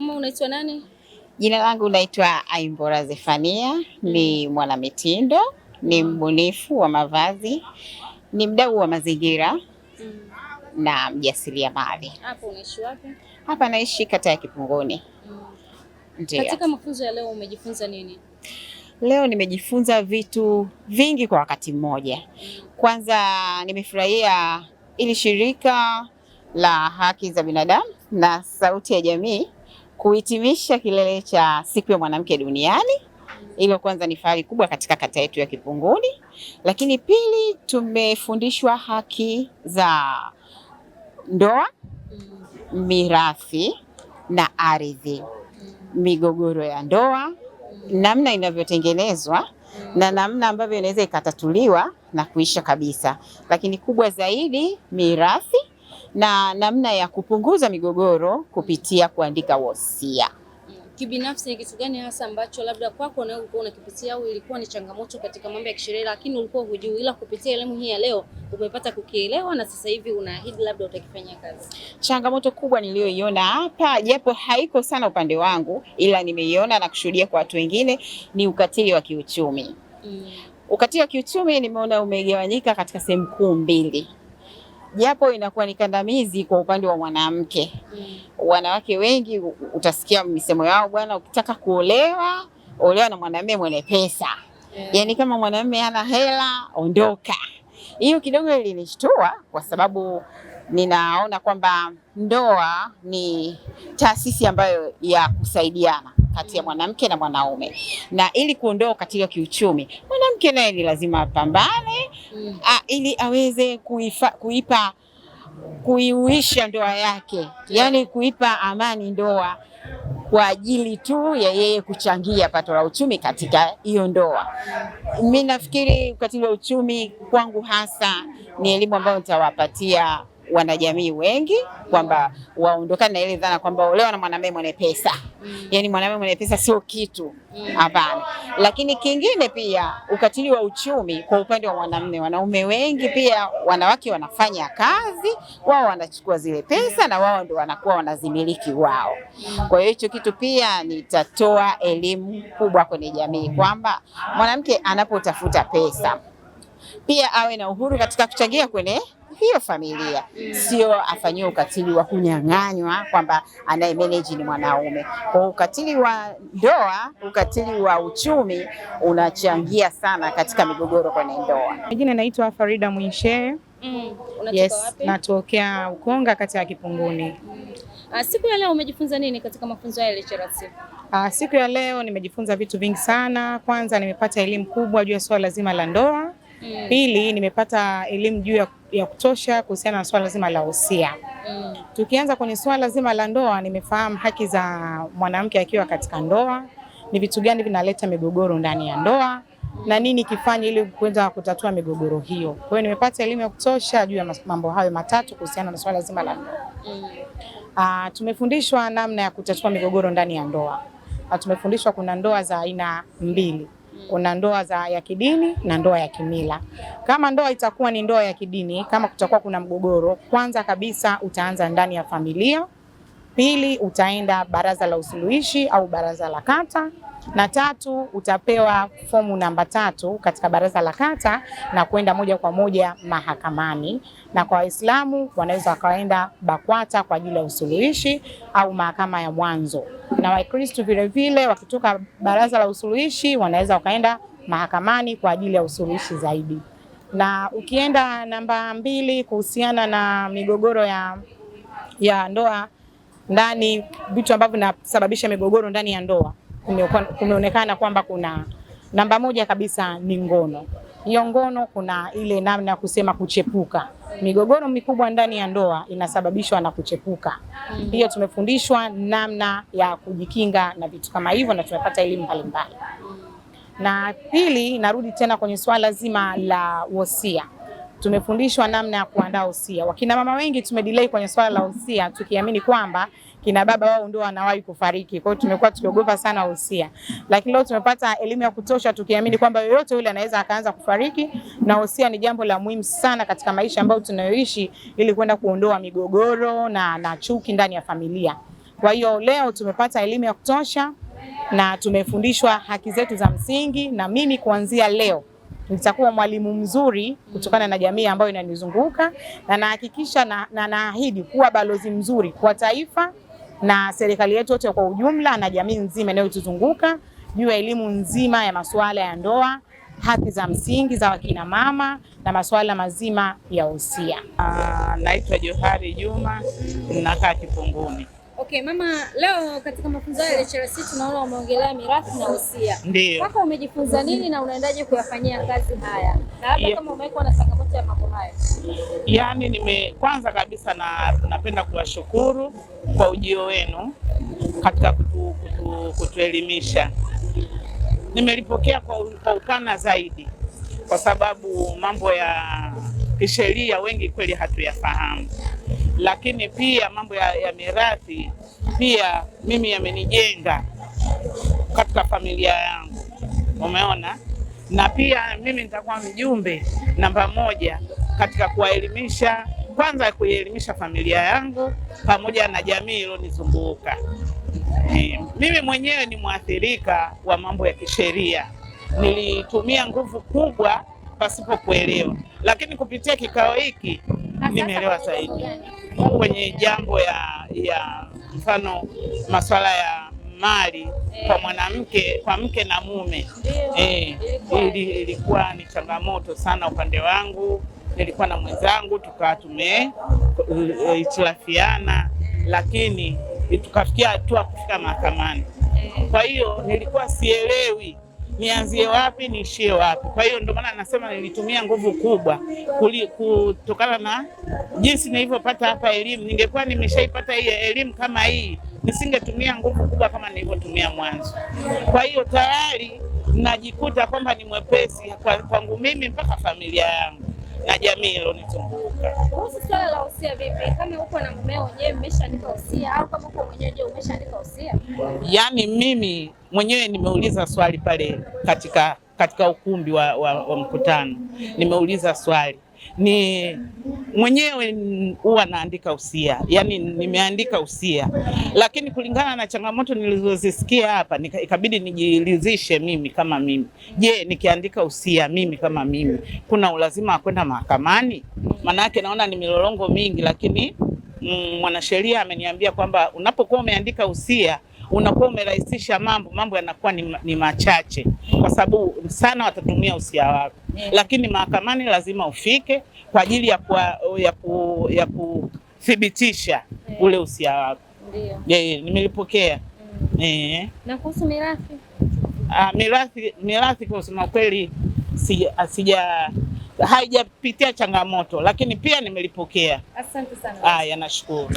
Mama, unaitwa nani? Jina langu naitwa Aimbora Zefania, mm. ni mwanamitindo, ni mm. mbunifu wa mavazi, ni mdau wa mazingira mm. na mjasiriamali. Hapa unaishi wapi? Hapa naishi kata ya Kipunguni. mm. Ndio. Katika mafunzo ya leo umejifunza nini? Leo nimejifunza vitu vingi kwa wakati mmoja. Kwanza nimefurahia ili shirika la haki za binadamu na sauti ya jamii kuhitimisha kilele cha siku ya mwanamke duniani. Hilo kwanza ni fahari kubwa katika kata yetu ya Kipunguni, lakini pili, tumefundishwa haki za ndoa, mirathi na ardhi, migogoro ya ndoa, namna inavyotengenezwa na namna ambavyo inaweza ikatatuliwa na kuisha kabisa, lakini kubwa zaidi mirathi na namna ya kupunguza migogoro kupitia kuandika wasia. Kibinafsi, ni kitu gani hasa ambacho labda kwako na ulikuwa unakipitia au ilikuwa ni changamoto katika mambo ya kisheria, lakini ulikuwa hujui, ila kupitia elimu hii ya leo umepata kukielewa na sasa hivi unaahidi labda utakifanya kazi? Changamoto kubwa niliyoiona hapa, japo haiko sana upande wangu, ila nimeiona na kushuhudia kwa watu wengine, ni ukatili wa kiuchumi mm. Ukatili wa kiuchumi nimeona umegawanyika katika sehemu kuu mbili japo inakuwa ni kandamizi kwa upande wa mwanamke mm. Wanawake wengi utasikia misemo yao, bwana, ukitaka kuolewa olewa na mwanamume mwenye pesa yeah. Yani kama mwanamume hana hela ondoka. Hiyo kidogo ilinishtua kwa sababu ninaona kwamba ndoa ni taasisi ambayo ya kusaidiana kati ya mm. mwanamke na mwanaume, na ili kuondoa ukatili wa kiuchumi, mwanamke naye ni lazima apambane a, ili aweze kuifa, kuipa kuiuisha ndoa yake, yani kuipa amani ndoa kwa ajili tu ya yeye kuchangia pato la uchumi katika hiyo ndoa. Mimi nafikiri ukatili wa uchumi kwangu hasa ni elimu ambayo nitawapatia wanajamii wengi kwamba waondokane na ile dhana kwamba olewa na mwanamume mwenye pesa mm. Yaani mwanamume mwenye pesa sio kitu, mm. hapana mm. Lakini kingine pia ukatili wa uchumi kwa upande wa mwanamume, wanaume wengi pia, wanawake wanafanya kazi, wao wanachukua zile pesa na wao ndio wanakuwa wanazimiliki wao. Kwa hiyo hicho kitu pia nitatoa elimu kubwa kwenye jamii kwamba mwanamke anapotafuta pesa pia awe na uhuru katika kuchangia kwenye hiyo familia, sio afanyiwe ukatili wa kunyang'anywa kwamba anaye manage ni mwanaume. Kwa ukatili wa ndoa, ukatili wa uchumi unachangia sana katika migogoro kwenye ndoa. Jina naitwa Farida Mwinshe. Mm, yes, natokea Ukonga kati ya Kipunguni. Uh, siku ya leo umejifunza nini katika mafunzo ya LHRC? Ah, siku ya leo nimejifunza vitu vingi sana. Kwanza nimepata elimu kubwa juu ya swala zima la ndoa. Mm. Pili nimepata elimu juu ya ya kutosha kuhusiana na swala zima la usia. Mm. Tukianza kwenye swala zima la ndoa, nimefahamu haki za mwanamke akiwa katika ndoa, ni vitu gani vinaleta migogoro ndani ya ndoa na nini kifanye ili kuweza kutatua migogoro hiyo. Kwa hiyo nimepata elimu ya kutosha juu ya mambo hayo matatu kuhusiana na swala zima la ndoa. Mm. Ah, tumefundishwa namna ya kutatua migogoro ndani ya ndoa. Ah, tumefundishwa kuna ndoa za aina mbili. Kuna ndoa za ya kidini na ndoa ya kimila. Kama ndoa itakuwa ni ndoa ya kidini, kama kutakuwa kuna mgogoro, kwanza kabisa utaanza ndani ya familia, pili utaenda baraza la usuluhishi au baraza la kata na tatu utapewa fomu namba tatu katika baraza la kata na kwenda moja kwa moja mahakamani, na kwa Waislamu wanaweza wakaenda BAKWATA kwa ajili ya usuluhishi au mahakama ya mwanzo, na wakristu vilevile wakitoka baraza la usuluhishi wanaweza wakaenda mahakamani kwa ajili ya usuluhishi zaidi. Na ukienda namba mbili kuhusiana na migogoro ya, ya ndoa ndani, vitu ambavyo vinasababisha migogoro ndani ya ndoa kumeonekana kwamba kuna namba moja kabisa ni ngono. Hiyo ngono, kuna ile namna ya kusema kuchepuka. Migogoro mikubwa ndani ya ndoa inasababishwa na kuchepuka. Mm. Hiyo tumefundishwa namna ya kujikinga na vitu kama hivyo, na tumepata elimu mbalimbali. Mm. Na pili, narudi tena kwenye swala zima la wosia tumefundishwa namna ya kuandaa usia. Wakina mama wengi tumedelay kwenye swala la usia, tukiamini kwamba kina baba wao ndio wanawahi kufariki. Kwa hiyo tumekuwa tukiogopa sana wosia, lakini leo tumepata elimu ya kutosha, tukiamini kwamba yoyote yule anaweza akaanza kufariki, na wosia ni jambo la muhimu sana katika maisha ambayo tunayoishi, ili kwenda kuondoa migogoro na, na chuki ndani ya familia. Kwa hiyo leo tumepata elimu ya kutosha na tumefundishwa haki zetu za msingi, na mimi kuanzia leo nitakuwa mwalimu mzuri kutokana na jamii ambayo inanizunguka, na nahakikisha na naahidi na kuwa balozi mzuri kwa taifa na serikali yetu yote kwa ujumla na jamii nzima inayotuzunguka juu ya elimu nzima ya masuala ya ndoa, haki za msingi za wakina mama na masuala mazima ya usia. Ah, naitwa Johari Juma, nakaa Kipunguni. Okay, mama, leo katika mafunzo ya LHRC tunaona umeongelea mirathi na usia. Ndio. Kaka umejifunza nini na unaendaje kuyafanyia kazi haya? Na hata kama umekuwa na changamoto ya mambo haya. Yaani nime kwanza kabisa na napenda kuwashukuru kwa ujio wenu katika kutu, kutu, kutuelimisha. Nimelipokea kwa, kwa upana zaidi kwa sababu mambo ya kisheria wengi kweli hatuyafahamu, lakini pia mambo ya, ya mirathi pia mimi yamenijenga katika familia yangu, umeona. Na pia mimi nitakuwa mjumbe namba moja katika kuwaelimisha, kwanza kuielimisha familia yangu pamoja na jamii iliyonizunguka. E, mimi mwenyewe ni mwathirika wa mambo ya kisheria, nilitumia nguvu kubwa pasipo kuelewa, lakini kupitia kikao hiki nimeelewa zaidi kwenye jambo ya ya mfano masuala ya mali kwa mwanamke kwa mke na mume eh, ili ilikuwa ni changamoto sana upande wangu. Nilikuwa na mwenzangu tukawa tumehitilafiana, lakini tukafikia hatua kufika mahakamani. Kwa hiyo nilikuwa sielewi nianzie wapi niishie wapi. Kwa hiyo ndio maana nasema nilitumia nguvu kubwa kuli, kutokana na jinsi nilivyopata hapa elimu. Ningekuwa nimeshaipata hii elimu kama hii, nisingetumia nguvu kubwa kama nilivyotumia mwanzo. Kwa hiyo tayari najikuta kwamba ni mwepesi kwangu mimi mpaka familia yangu na jamii ilonizunguka. Kuhusu swala la usia, vipi? Kama uko na mumeo je, mmeshaandika usia au kama uko mwenyewe je, umeshaandika usia? Yaani mimi mwenyewe nimeuliza swali pale katika katika ukumbi wa, wa, wa mkutano nimeuliza swali ni mwenyewe huwa naandika usia, yani nimeandika usia, lakini kulingana na changamoto nilizozisikia hapa ikabidi nijiridhishe mimi kama mimi. Je, nikiandika usia mimi kama mimi, kuna ulazima wa kwenda mahakamani? Maanake naona ni milolongo mingi, lakini mm, mwanasheria ameniambia kwamba unapokuwa umeandika usia unakuwa umerahisisha mambo, mambo yanakuwa ni, ni machache, kwa sababu sana watatumia usia wako mm. Lakini mahakamani lazima ufike kwa ajili ya kuthibitisha ya ku, ya yeah. Mm. ule usia wako Ndio eh, nimelipokea mm. Eh. Na kuhusu mirathi ah, mirathi, mirathi kwa kusema kweli sija haijapitia changamoto, lakini pia nimelipokea. Asante sana. Haya, nashukuru.